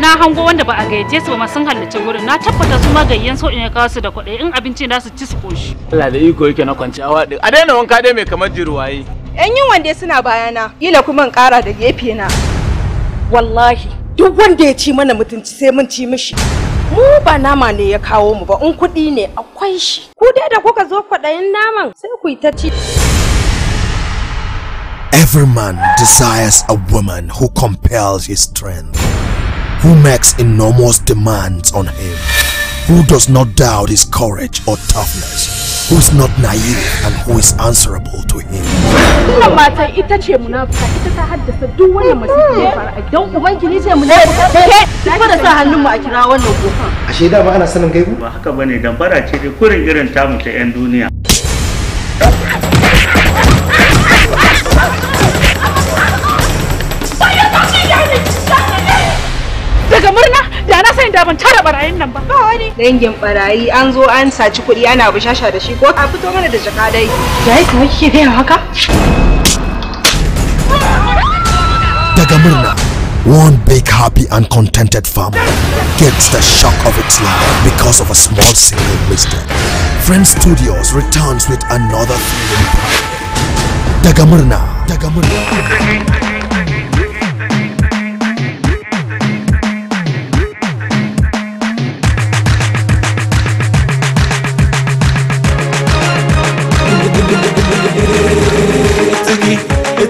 kai na hango wanda ba a gayyace su ba sun halarci gurin na tabbata su ma gayyan so in ya kawo su da kuɗi in abinci na su ci su koshi Allah da iko yake na kwanci awa ɗin. a daina wanka dai mai kamar jiruwaye. yan yin wanda suna bayana ila kuma in ƙara da gefe na wallahi duk wanda ya ci mana mutunci sai mun ci mishi mu ba nama ne ya kawo mu ba in kuɗi ne akwai shi ku dai da kuka zo kwaɗayin naman sai ku yi ta ci Every man desires a woman who compels his strength. who makes enormous demands on him, who does not doubt his courage or toughness, who is not naive and who is answerable to him. murna da na san da ban tara barayin nan ba ba wani dangin barayi an zo an saci kuɗi ana bushasha da shi ko a fito mana da jaka dai yayi kuma kike gaya haka daga murna One big happy and contented farmer, gets the shock of its life because of a small single mistake. Friend Studios returns with another thrilling Dagamurna. Dagamurna.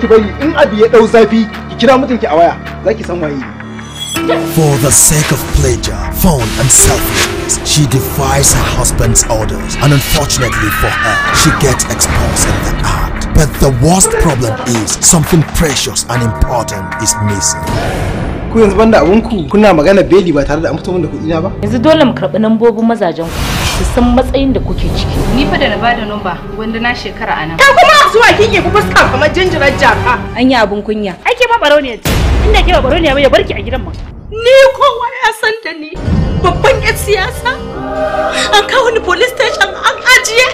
ki bari in abu ya dau zafi ki kira mutunki a waya zaki san waye For the sake of pleasure, fun and selfishness, she defies her husband's orders and unfortunately for her, she gets exposed in the act. But the worst problem is something precious and important is missing. ku yanzu banda abinku kuna magana beli ba tare da an fito min da ba yanzu dole mu karɓi lambobin mazajen ku su san matsayin da kuke ciki ni fa da na bada numba wanda na shekara a nan ka kuma zuwa kike ku fuska kamar jinjirar jaka an yi abun kunya ai ke ma baro ne inda ke ba baro ne ba ya barki a gidan ma ni kowa ya san da ni babban yan siyasa an kawo ni police station an ajiye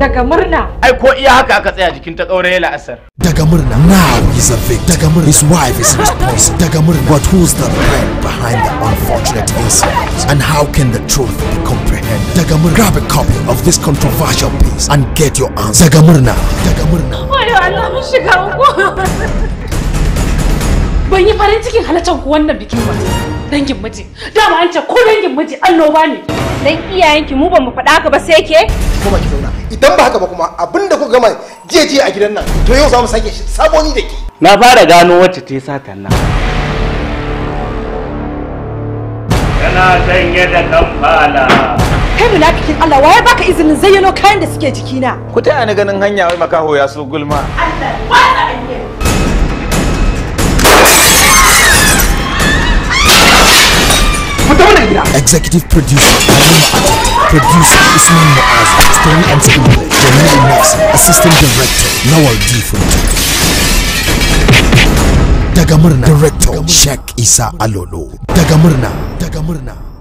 daga murna ai ko iya haka aka tsaya jikin ta kauraye la'asar daga murna now is a victim daga murna his wife is responsible daga murna but who's the man behind the unfortunate incident and how can the truth become comprehend Dagamurna. grab a copy of this controversial piece and get your answer Dagamurna. Dagamurna. daga murna wayo Allah mun shiga uku ban yi farin cikin halartar ku wannan bikin ba dangin miji dama an ce ko dangin miji annoba ne dan iyayenki mu ba mu faɗa haka ba sai ke kuma ki zauna idan ba haka ba kuma abinda ku gama jiya jiya a gidan nan to yau za mu sake shi saboni da ke na fara gano wacce ta yi satan nan yana sanye da kamfala kai munafikin Allah waye baka izinin zayyano kayan da suke jikina ku ta ni ganin hanya wai makaho ya so gulma Allah gida. Executive producer Halima Adam, producer Ismail Muaz, story and screenplay Jamil Max assistant director Nawal Daga murna director Sheikh Isa Alolo. Daga murna, daga murna.